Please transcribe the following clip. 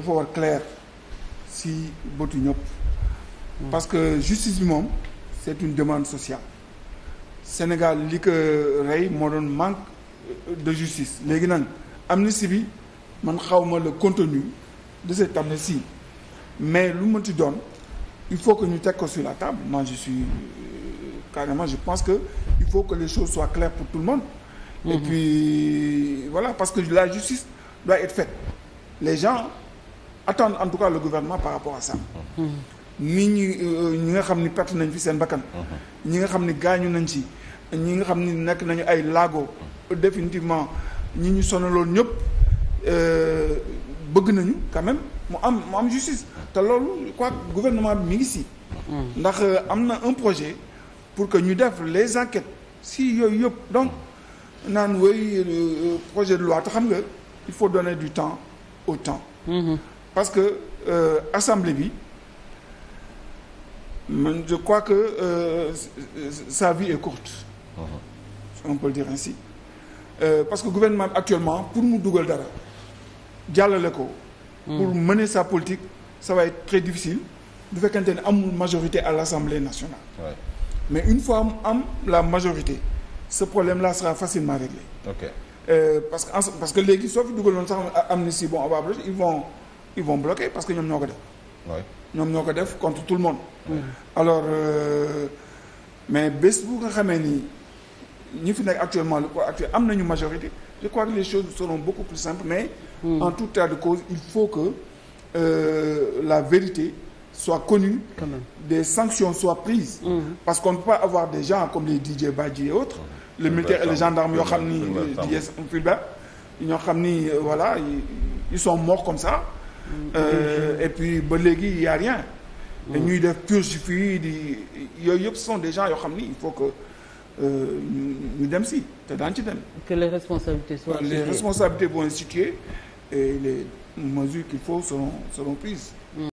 dafa war clair si bëtu ñëpp. parce que justice bi moom c'est une demande sociale. Sénégal li ko rey moo doon manque de justice léegi nag amnistie bi man xawma le contenu de cette amnistie mais lu mënti doon il faut que ñu teg ko sur la table moi je suis euh, carrément je pense que il faut que les choses soient claires pour tout le monde. et mm-hmm. parce que la justice doit être faite les gens. attendre en tout cas le gouvernement par rapport à ça. nit ñi euh, ñi nga xam ni perte nañ fi seen bakkan. ñi nga xam ni gaañu nañ ci ñi nga xam ni nekk nañu ay lago définitivement ñi ñu loolu ñëpp euh, bëgg nañu quand même mu am mu am justice te loolu quoi gouvernement bi mi ngi si. ndax euh, am na un projet pour que ñu def les enquêtes si yooyu yëpp donc naan wéy projet de loi te xam nga il faut donner du temps au temps. Mm-hmm. parce que euh, assemblée bi man je crois que euh, sa vie est courte. Uh -huh. on peut le dire ainsi. Euh, parce que gouvernement actuellement pour mu dugal dara jàllale ko. Hmm. pour mener sa politique ça va être très difficile du fekkente ne amul majorité à l'Assemblée nationale. Ouais. mais une fois am la majorité ce problème-là sera facilement réglé. ok euh, parce que parce que léegi soo fi dugaloon sax amnistie bon on va ils vont. ils vont bloquer parce que ñoom ñoo ko def. oui ñoo ko def contre tout le monde. alors euh, mais bés bu nga xamee ni ñi fi nekk actuellement le quoi actuel am nañu majorité je crois que les choses seront beaucoup plus simples mais. Mm. en tout état de cause il faut que euh, la vérité soit connue. Quand même. des sanctions soient prises. Mm. parce qu'on ne peut pas avoir des gens comme les DJ Badji et autres. Mm. les militaires et les gendarmes yoo xam ni. Fulbert ñoo xam ni euh, voilà ils sont morts comme ça. Euh, et puis ba léegi y a rien. ñuy def purgifie di yooyu yëpp sont des gens yoo xam ni il faut que euh, ñu ñu dem si te daan ci dem. que les responsabilités soient situées les responsabilités vont être situées et les mesures qu'il faut seront prises.